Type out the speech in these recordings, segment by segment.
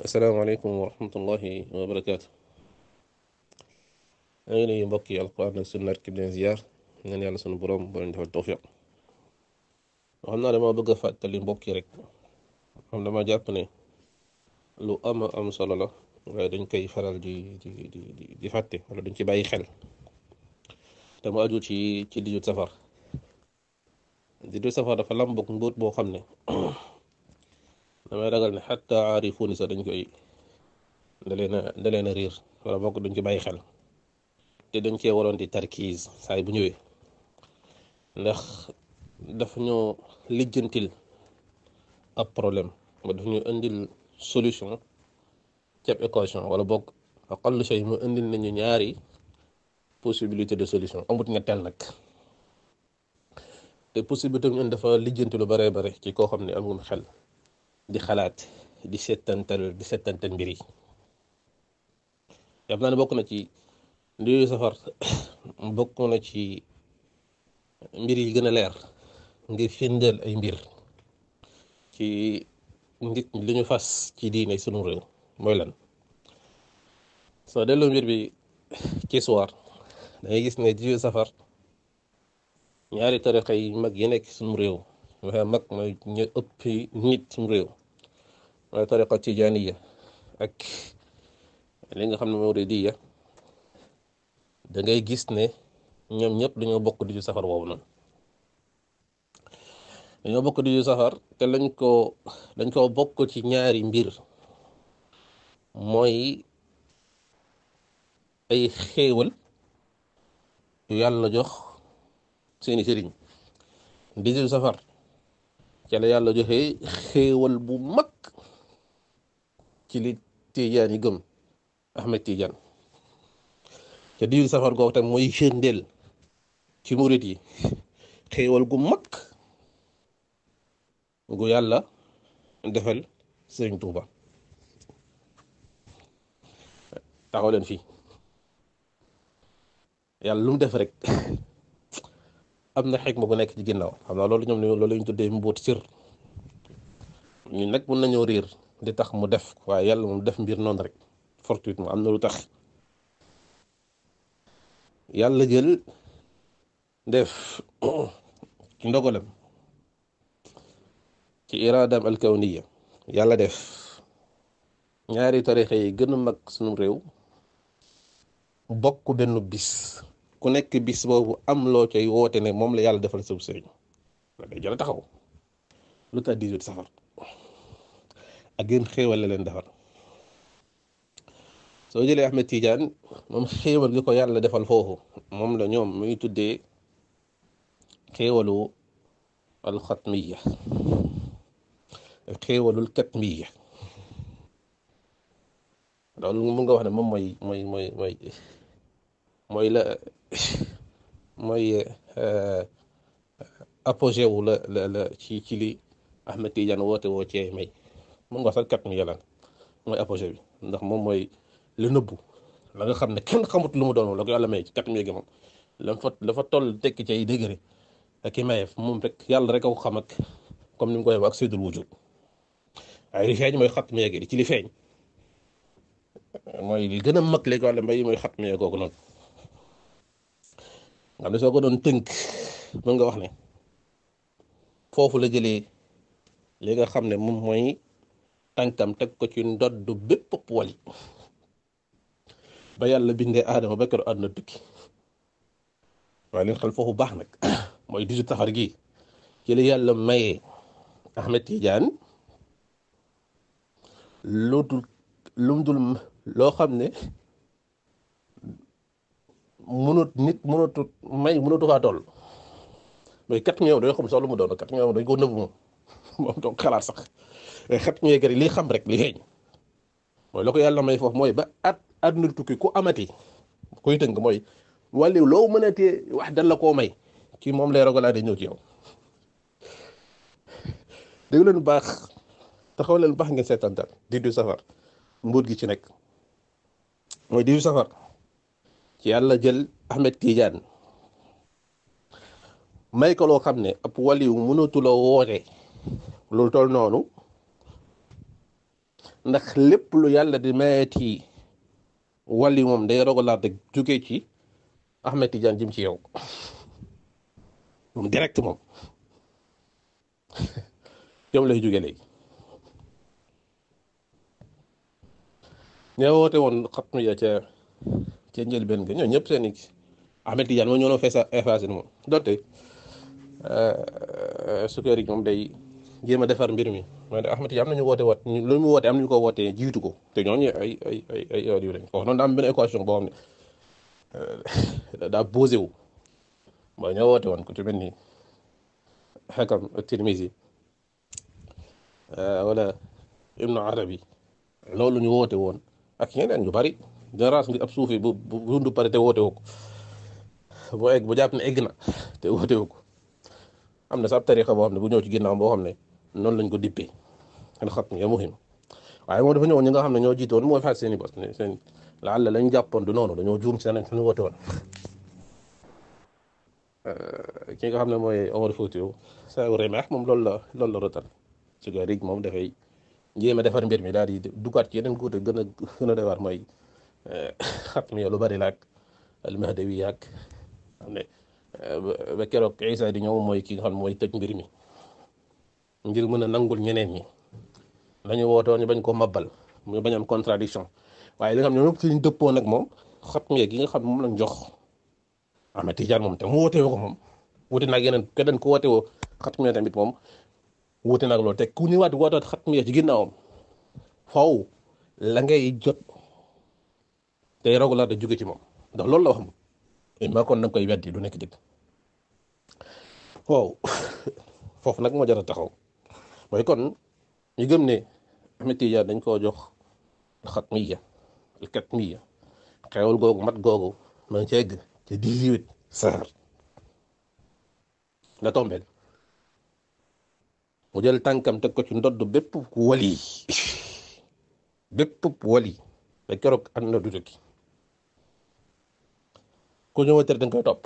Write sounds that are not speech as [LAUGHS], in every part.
asalaamaaleykum wa rahmatullahi wa barakaatu maa ngi nuyu mbokk yi alquran ak sunna ki leen ziar ñaan yàlla sunu borom ba leen defal tawfiq xam naa dama bëgg a fàttali mbokk yi rek xam dama jàpp ne lu ama am solo la waaye dañ koy faral di fàtte wala duñ ci bàyyi xel dama aju ci ci dijju safar dijju safar dafa làmboog mbóot boo xam ne [CLEARS THROAT] damay ragal ni hatta aarifuun sa dañ koy dalena dalena rir wala bok duñ ci baye xel te dañ ci waron di tarkiz say bu ñewé ndax daf ñu lijeentil a problème ba daf ñu andil solution ci équation wala bok aqall shay mu andil nañu ñaari possibilité de solution amut nga tel nak te possibilité ñu dafa lijeentilu bare bare ci ko xamni amul xel di xalaat di settantal di settantal mbir yi yam naa ne bokk na ci ndiyu safar [COUGHS] bokk na ci mbir yi gën a leer ngir firndeel ay mbir ci nit li ñu fas ci diine sunu réew mooy lan soo delloo mbir bi ci soir dangay gis ne ndiyu safar ñaari tarixa yi mag yi nekk sunu réew waxe mag ñu ëpp nit sunu réew على طريقة تيجانية أك لين خمسة موريدية دعاي جسنة نعم نعم لين بكو ديجو سفر وابنون لين بكو ديجو سفر كلن كو لين كو بكو تيجانية ريمبير موي أي خيول يالله جوخ سيني سيرين ديجو سفر كلا يالله جوخي خيول بومك ci li tiijaan yi gëm Ahmed Tijaan te di safar googu tam mooy firndeel ci murit yi xéewal gu mag gu yàlla defal Sëriñ Tuuba taxaw leen fii yàlla lu mu def rek [LAUGHS] am na xikma bu nekk ci ginnaaw xam na loolu ñoom loolu la ñu tuddee mboot sir ñun nag mun nañoo riir di tax mu def waaye yàlla moom def mbir noonu rek fortuite mu am na lu tax yàlla jël def ci ndogalam ci al kawniya yàlla def ñaari tarixa yi gën a mag sunu réew bokk benn bis ku nekk bis boobu am loo cay woote ne moom la yàlla defal sëb sëriñ la day jël taxaw lu tax 18 safar ak yéen xéewal la leen defal soo jëlee Ahmed tiijan moom xéewal gi ko yàlla defal foofu moom la ñoom mu muy tuddee xéewalu alxatmiya xéewalul katmiya loolu mu nga wax ne moom mooy mooy mooy mooy euh, wu la la ci ci li Ahmed Tidiane woote woo cee may moom nga sax kat mi yàlla mooy apogée bi ndax moom mooy li nëbbu la nga xam ne kenn xamut lu mu doon la ko yàlla may ci kat mi yëge moom la fa la fa toll tekki ci ak i moom rek yàlla rek a xam ak comme ni mu koy wax ak séddul wujud li feeñ mooy xat mi yëge ci li feeñ mooy gën a mag léegi wàllu mbay mooy xat mi yëge kooku noonu xam ne soo ko doon tënk mën nga wax ne foofu la jëlee li nga xam ne moom mooy. tànkam teg ko ci ndoddu bépp wali ba yàlla bindee aadama ba keroog àdduna tukki waaye leen xel foofu baax nag [COUGHS] mooy 18 safar gi ci yàlla mayee Ahmed Tidiane lu dul lu dul loo xam ne mënut nit mënatu may mënatu faa toll mooy 4 millions dañoo xam sax lu mu doon 4 millions dañ ko nëbb moom [LAUGHS] moom doon xalaat sax xet ñuy gëri li xam rek li xeeñ moy lako yàlla may fof moy ba at àdduna tukki ku amati koy teung moy walew lo mënatee wax dal la ko may ci mom lay rogal ade ñëw ci yow deug lañu bax taxaw lañu bax ngeen sétantal di du safar mbuut gi ci nek moy di du safar ci yàlla jël Ahmed Tidiane may ko lo xamne ap walew wàllu mënatu la woote lu tol noonu ndax lépp lu yàlla di mayeeti wàlli moom day rogalaat rek jógee ci Ahmed Tidiane jëm ci yow moom direct moom yow lay jógee léegi ñoo woote woon xatmu ya ca ca njëlbeen ga ñoo ñëpp seen i Ahmed Tidiane moom ñoo doon feesa effacé moom donte euh, sukkeer yi moom day jéem a defar mbir mi mooy ne Ahmed yi am nañu woote woote lu mu woote am nañu ko wootee jiitu ko te ñooñu ay ay ay ay heure yu lañ ko wax noonu daa am benn équation boo xam ne daa posé wu mooy ñoo woote woon ku ci mel ni Hakam Tirmisi wala Ibnu Arabi loolu ñu woote woon ak ñeneen ñu bari génération bi ab suufi bu bu dund pare te woote woo ko bu egg bu jàpp ne egg na te woote woo ko am na sax ab boo xam ne bu ñëw ci ginnaaw boo xam ne noonu lañ ko dippee alxatmiya muhim waaye moom dafa ñëwoon ñi nga xam ne ñoo jiitoon mooy faat seen i bos laal la lañ jàppoon du noonu dañoo juum seen suñu wote woon euh, ki nga xam ne mooy Omar Foutiyou moom loolu la loolu la rotal moom dafay jéem a defar mbir mi daal di duggaat yeneen góor gën a gën a mooy euh, [COUGHS] xatmiya lu bari la ak almahdawi ak xam ne euh, ba keroog Isa di ñëw mooy ki nga xam mooy tëj mbir mi ngir mën a nangul ñeneen ñi. lañu wootoo ñu bañ koo mabal mu bañ am contradiction waaye li nga xam ne ñoom ci ñu dëppoo nag moom xat mi gi nga xam moom lañ jox Ahmed Tidiane moom te mu woote ko moom wuute naag yeneen keneen ku woote woo xat mi tamit moom wuute nag loolu te ku ñëwaat wootaat xat mi ci ginnaawam faw la ngay jot tey rogu laa da jóge ci moom ndax loolu la wax moom eh, ma kon nag koy weddi du nekk dëgg waaw [LAUGHS] foofu nag moo jar a taxaw mooy kon ñu gëm ne Ahmed Tidiane dañ koo jox xatmiya alkatmiya xewal googu mat googu ma ngi ci egg ci dix-huit saar la tombeel jël tànkam teg ko ci ndodd bépp wali bépp wali ba keroog du tukki ku ñëwa tër dañ koy topp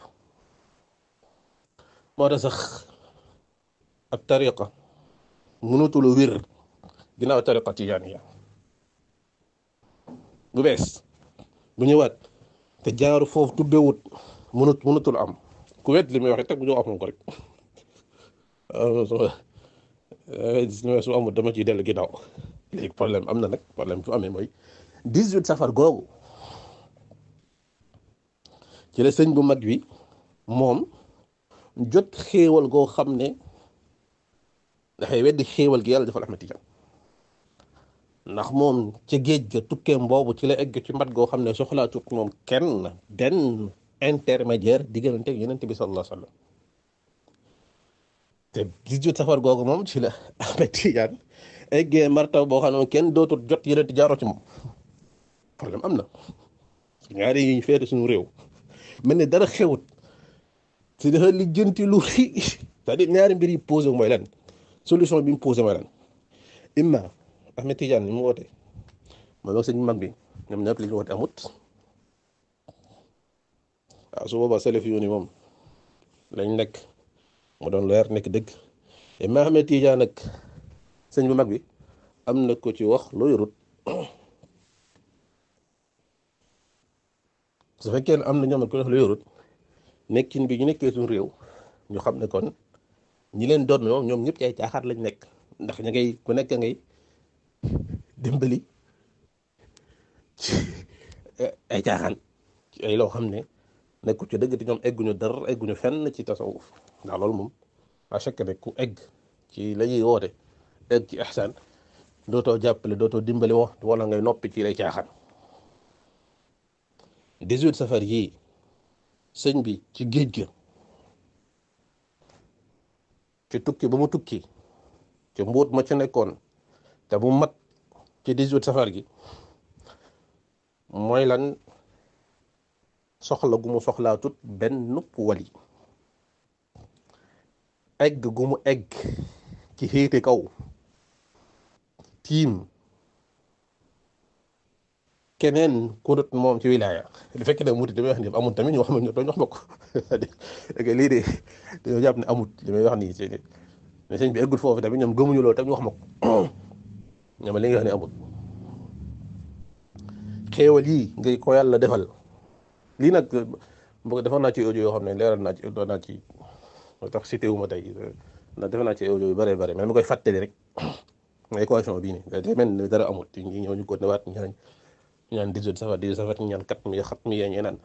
moo tax sax ab tariqa mënatula wér ginnaaw tariqa tijaaniya bu bees bu ñëwaat te jaaru foofu tuddewut mënut mënutul am ku wet li muy wax teg bu ñu amoon rek su amul dama ciy dellu ginnaaw léegi problème am na nag problème fu amee mooy dix-huit safar googu ci la sëñ gu mag wi moom jot xéewal goo xam ne dafay weddi xéewal gi yàlla dafa la Ahmad Tijaan ndax moom ca géej ga tukkeem mboobu ci la egg ci mbat goo xam ne soxlaatut moom kenn benn intermédiaire diggante ak yonent bi sallallahu alayhi wa sallam te di jot safar googu moom ci la Ahmed Tidiane boo xam ne kenn dootul jot yonent jaaroo ci moom problème am na ñaari yi ñu suñu réew mel ne dara xewut si dafa lijjanti lu ri ñaari mbir yi posé mooy lan solution bi mu posé mooy lan imma Ahmed Tidiane li mu woote mooy wax sëñ mag bi ñoom ñëpp li ñu woote amut waaw su boobaa salaf ni moom lañ nekk moo doon leer nekk dëgg te ma Ahmed Tidiane nag sëñ bu mag bi am na ko ci wax loo yorut su fekkee ne am na ñoom ko loo yorut nekkin bi ñu nekkee suñu réew ñu xam ne kon ñi leen doon ñoom ñëpp ci ay caaxaar lañ nekk ndax ña ku nekk ngay. dimbali ay caaxaan ay loo xam ne nekkul ci dëgg te ñoom egguñu dara egguñu fenn ci tasawuf ndax loolu moom à chaque ne ku egg ci la ñuy woote egg ci ihsaan dootoo jàppale dootoo dimbali wax wala ngay noppi ci lay caaxaan 18 safar yii sëñ bi ci géej ga ci tukki ba mu tukki ci mbuut ma ci nekkoon te bu mat ci 18 safar gi mooy lan soxla gu mu soxlaatut benn nupp wali egg gu mu egg ci xiiti kaw tiim keneen kurut moom ci wilaya du fekkee ne muti li may wax nii amut tamit ñu wax ma ñu à dire [LAUGHS] lii de amut li may wax nii mais sëñ bi eggul foofu tamit ñoom gëmuñu loolu tamit ñu wax ma ko ñamale yoo xam ne amul xéewal yi ngay ko yàlla defal lii nag mbokk defal naa ci audio yoo xam ne leeral naa ci doon naa ci tax cité wu ma tey ndax defal naa ci audio yu bëree bëri mais ma koy fàttali rek équation bii nii day mel ni dara amul ñi ñëw ñu ko newaat ñaan ñaan dix-huit safar dix-huit safar ñaan kat mi xat mi yee naan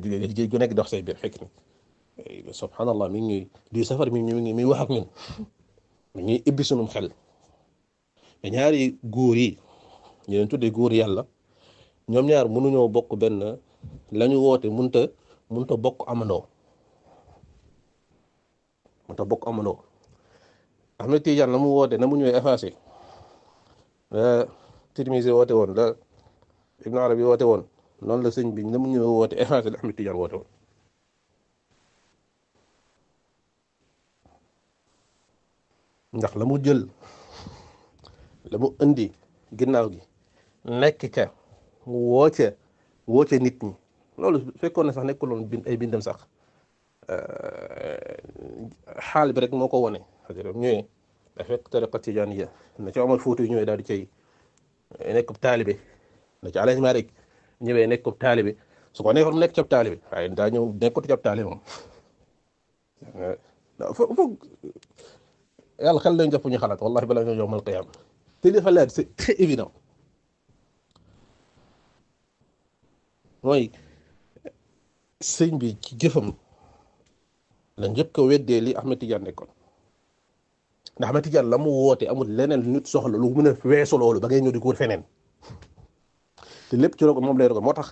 di ku nekk dox say biir fekk ni subhanallah mi ngi ñuy di safar mi ngi mi ngi miy wax ak ñun mi ñuy ibbi sunum xel ñaari góor yi ñu leen tuddee góor yàlla ñoom ñaar mënuñoo bokk benn lañu woote munta munta bokk amandoo munta bokk amandoo am na Tijaan la mu woote na mu ñëwee effacé la woote woon la Ibn woote woon noonu la sëñ bi na mu woote effacé la Ahmed Tijaan woote ndax la mu jël لبو اندي غيناوغي نيكك ووتى ووتى نيتني لولو فيكون صاح نيكولون بين اي بيندم صاح أه حال بريك موكو واني حاجه نيي دا فيك طريقه تجانيه ما تي عمر فوتو نيي دا تي نيكو طالبي ما تي علاج مارك نيي نيكو طالبي su ko nekkoon nekk cab taali bi waaye daa ñëw nekkut cab taali moom fo fo yàlla xel nañ jëpp ñu te li dafa très évident mooy sëñ bi ci jëfam la njëkk a weddee li Ahmed Tidiane nekkoon ndax Ahmed Tidiane la mu woote amul leneen nut soxla lu mën a weesu loolu ba ngay ñëw di ko feneen te lépp ci loolu moom lay doon moo tax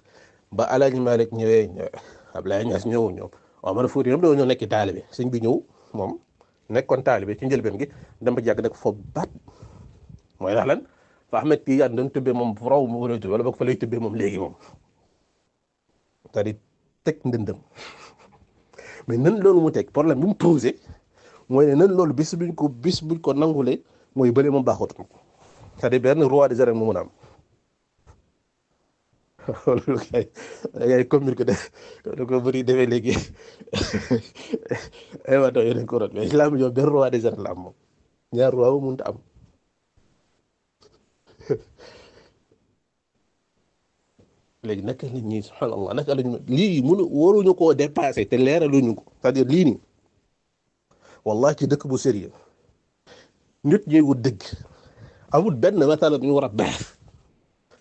ba El ma Malick ñëwee Abdoulaye Niass ñëw ñoom Omar Fouti ñoom dañoo nekk taalibe sëñ bi ñëw moom nekkoon taalibe ci njëlbeen gi dama jàgg nag foofu baat. moy ndax lan fa Ahmed ki doon tëbbee tebe mom mu mo lay tebe wala boog fa lay tëbbee moom léegi moom c'est-à-dire mais nan lolou mu tek problème bu mu poser moy ne nan lolou bis buñ ko bis buñ ko nangulé moy beulé mom baaxatul c'est-à-dire roi des arènes mo mo nam am loolu kay ay commune ko def da ko bari defee legi ay wa do yeneen ko rot mais islam yow ben roi des arènes la mom ñaar roi mu mënut am [LAUGHS] léegi naka nit ñi subhanallah naka la ñu lii mënu waruñu koo dépassé te leeraluñu ko cest dire lii nii wallahi ci dëkk bu sérieux nit ñi wut dëgg amul benn matala bu ñu war a baax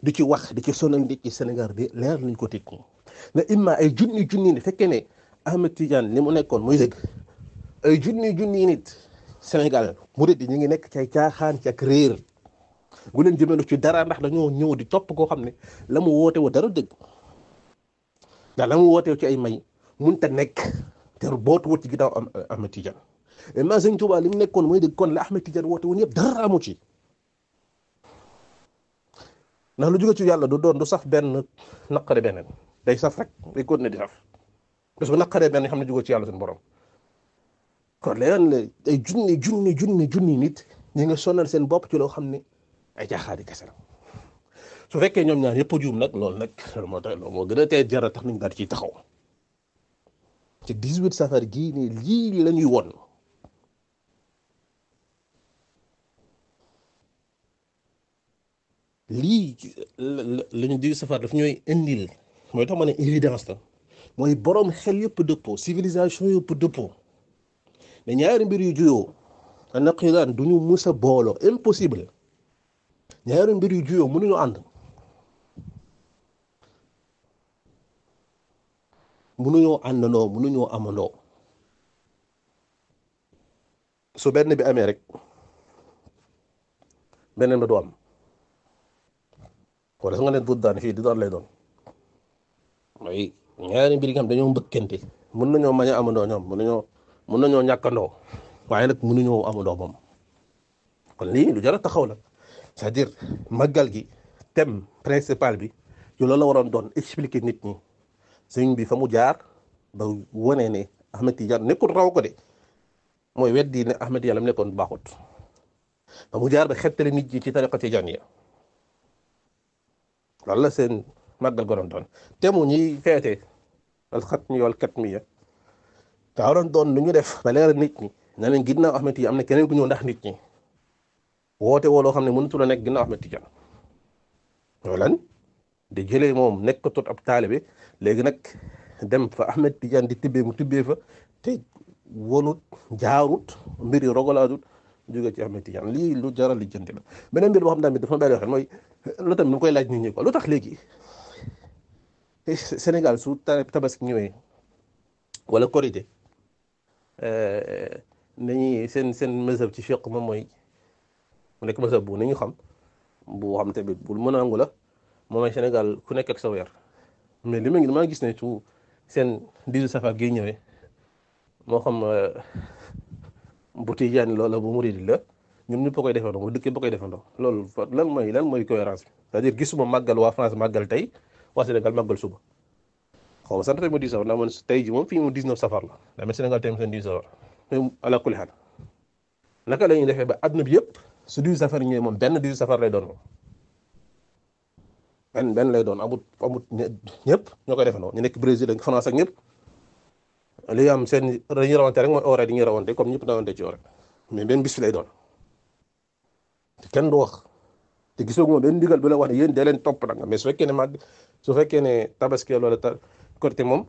di ci wax di ci sonal nit ci senegal bi leer nañ ko teg ko na imma ay junni junni nit fekkee ne Ahmed Tidiane li mu nekkoon muy dëgg ay junni junni nit Sénégal mu di ñu ngi nekk ci ay caaxaan ci gu leen jëmelu ci dara ndax dañoo ñëw di topp koo xam ne la mu woote woo dara mu woote ci ay may mënut nekk bootu wut ci ginnaaw am Ahmed Tidiane mais Sëñ Tuubaa li mu nekkoon mooy dégg kon la Ahmed Tidiane woote woon yëpp dara amu ci lu jóge ci yàlla du doon du saf benn naqare beneen day saf rek day continuer di saf parce que naqaree benn xam ne jóge ci yàlla suñu borom kon léeg-léeg ay junni junni junni junni nit ñi nga sonal seen bopp ci loo xam ne. ay jaaxaani kese la su fekkee ñoom ñaar yëpp a juum nag lool nag loolu moo tax loolu moo gën a te jara tax nañ daal ciy taxaw ci 18 safar gii nii lii lañuy ñuy won lii la ñu 18 safar daf ñooy indil mooy tax ma ne évidence la mooy boroom xel yëpp dëppoo civilisation yëpp dëppoo mais ñaari mbir yu juyoo naqiraan du ñu mus a booloo impossible ñaari mbir yu juyoo mënuñu ànd mënuñoo àndandoo mënuñoo amandoo su benn bi amee rek beneen bi du am wala su nga ne duut daan fii di daan lay doon mooy ñaari mbir yi nga xam dañoo mbëkkante mën nañoo mañ a amandoo ñoom mën nañoo mën nañoo ñàkkandoo waaye nag mënuñoo amandoo moom kon lii lu jar a taxaw la. ca diir dire màggal gi thème principal bi ci loolu la waroon doon expliquer nit ñi sëñ bi fa mu jaar ba wane ne Ahmed Tidiane nekkul raw ko de mooy weddi ne Ahmed Yàlla mu nekkoon baaxut fa mu jaar ba xettale nit ñi ci tariqa Tijaaniyya loolu la seen màggal ga doon doon te mu ñuy feete al xatmi wal katmiya daa waroon doon lu ñu def ba leeral nit ñi na leen ginnaaw Ahmed yi am na keneen ku ñu ndax nit ñi. woote woo loo xam ne mënatul a nekk ginnaaw Ahmed Tidiane loolu lan di jële moom nekkatut ab taalibe léegi nag dem fa Ahmed Tidiane di tibbee mu tibbee fa te wonut jaarut mbir yi rogalaatut jóge ci Ahmed Tidiane lii lu jaral li jënd la beneen mbir boo xam tamit dafa bàyyi mooy lu tamit mu koy laaj nit ñi quoi lu tax léegi Sénégal su tabaski ñëwee wala korité euh, nañuy seen seen mazhab ci fiqh moom mooy mu nekk mazhab bu ni ñu xam bu xam tamit bul mën a angu la moom ay Sénégal ku nekk ak sa weer mais li ma ngi maa gis ne su seen diiru safar gi ñëwee moo xam euh, bu tijaan loola bu murid la ñoom ñëpp a koy defandoo mu dëkk ba koy defandoo loolu lan mooy lan mooy cohérence bi cest màggal waa France màggal tey waa Sénégal màggal suba xaw ma sant ma dix safar tey ji moom fii moom 19 safar la daa mel Sénégal tey seen 10 safar ala kulli xaal naka la ñuy defee ba àdduna bi yëpp su dix safar ñëwee moom benn dix safar lay doon ben benn benn lay doon amut amut ñëpp ñoo koy defandoo ñu nekk Brésil ak France ak ñëpp li am seen dañuy rawante rek mooy oore dañuy rawante comme ñëpp rawante ci oore mais benn bis lay doon te kenn du wax te gisoo moom benn ndigal bu la wax ne yéen dee leen topp nag mais su fekkee ne màgg su fekkee ne tabaski loola ta korité moom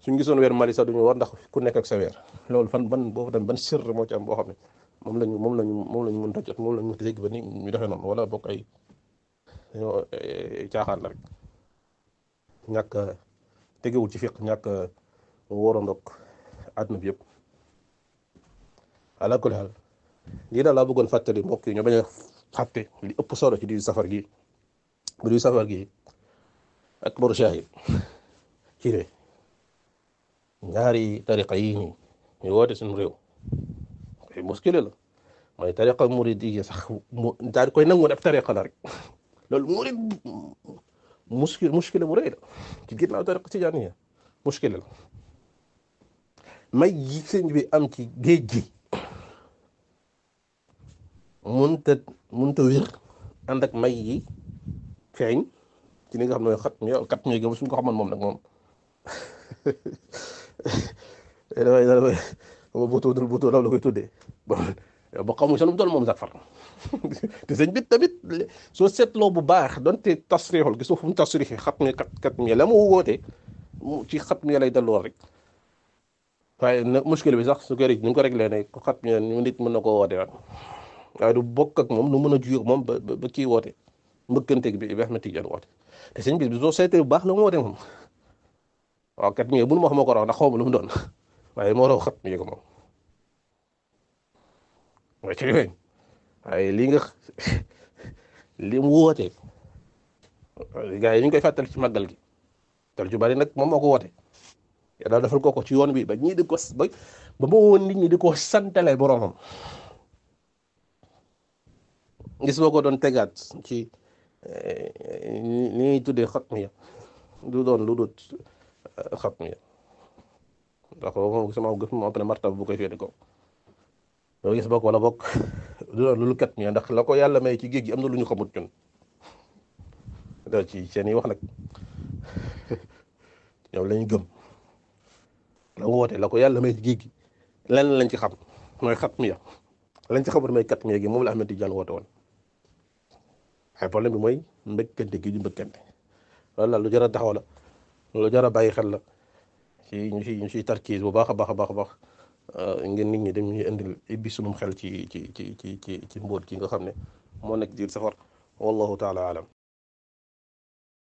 suñu gisoon weer Mali sax duñu war ndax ku nekk ak sa weer loolu fan ban boobu tam ban sir moo ci am boo xam ne moom lañu moom lañu moom lañu mënta jot moom lañu mënta dégg ba ni ñu defee noonu wala bokk ay caaxaan la rek ñàkk tegewul ci fiq ñàkk wóorandoog àdduna bi a ala kulli haal lii daal laa bëggoon fàttali mbokk yi ñu bañ a fàtte li ëpp solo ci diir safar gi bu diir safar gi ak baru shaahid ci ne ñaari tariqa yii nii ñu woote suñu réew muskile la mooy tariqa muridiya sax mu daal koy nangu ne ab tariqa la rek loolu murid muskil muskile bu rëy la ci ginnaaw tariqa tijaaniya muskile la may yi sëñ bi am ci géej gi munta munta wér ànd ak may yi feeñ ci li nga xam ne xat kat ñooy gëm suñ ko xamoon moom nag moom [LAUGHS] damay damay ma butu dul butu law la koy tuddee ba xaw ma sa nu mu toll moom Zak Far te sëñ bi tamit soo seetloo bu baax donte tasrixul gisoo fu mu tasrixi xat mi kat kat mi la mu woote ci xat mi lay delloo rek waaye nag muskil bi sax su ko rek ñu ko réglé ne ko xat mi ñu nit mën na koo woote waat waaye du bokk ak moom lu mën a juyoo moom ba ba kii woote mbëkkanteeg bi Ibrahima Ahmed Tidiane woote te sëñ bi soo seetee bu baax la mu woote moom waaw kat mi bu nu ma wax ma ko raw ndax xaw ma lu mu doon waaye moo raw xat mi ko moom. mooy ci weñ waaye lii nga [LAUGHS] li mu woote gars yi ñu ngi koy fàttali ci màggal gi tal ju bari nag moom moo ko woote yàlla defal ko ko ci yoon wi ba ñii di ko ba ba ma woon nit ñi di ko santale boromam gis boo ko doon tegaat ci ni eh, ñuy tuddee xatmiya du doon lu dut eh, xatmiya ndax moom sama gëf moom après martaba bu koy féete ko doo gis bokk wala bokk [LAUGHS] du doon loolu kat mi ndax la ko yàlla may ci géej am na lu ñu xamut ñun doo ci seen yi wax nag ñoom [LAUGHS] lañu gëm la woote la ko yàlla may ci géej gi lan lañ ci xam mooy xat mi ya lañ ci xamut may kat mi gi moom la Ahmed Tidiane woote woon ay problème bi mooy mbëkkante gi di mbëkkante loolu la lu jar a taxaw la lu jar a bàyyi xel la ci ñu si ñu ciy tarkiis bu baax a baax baax a baax Euh, ngeen nit ñi dem ñuy indil ibbi xel ci ci ci ci ci ci mbóot gi nga xam ne moo nekk jil safar wallahu taala alam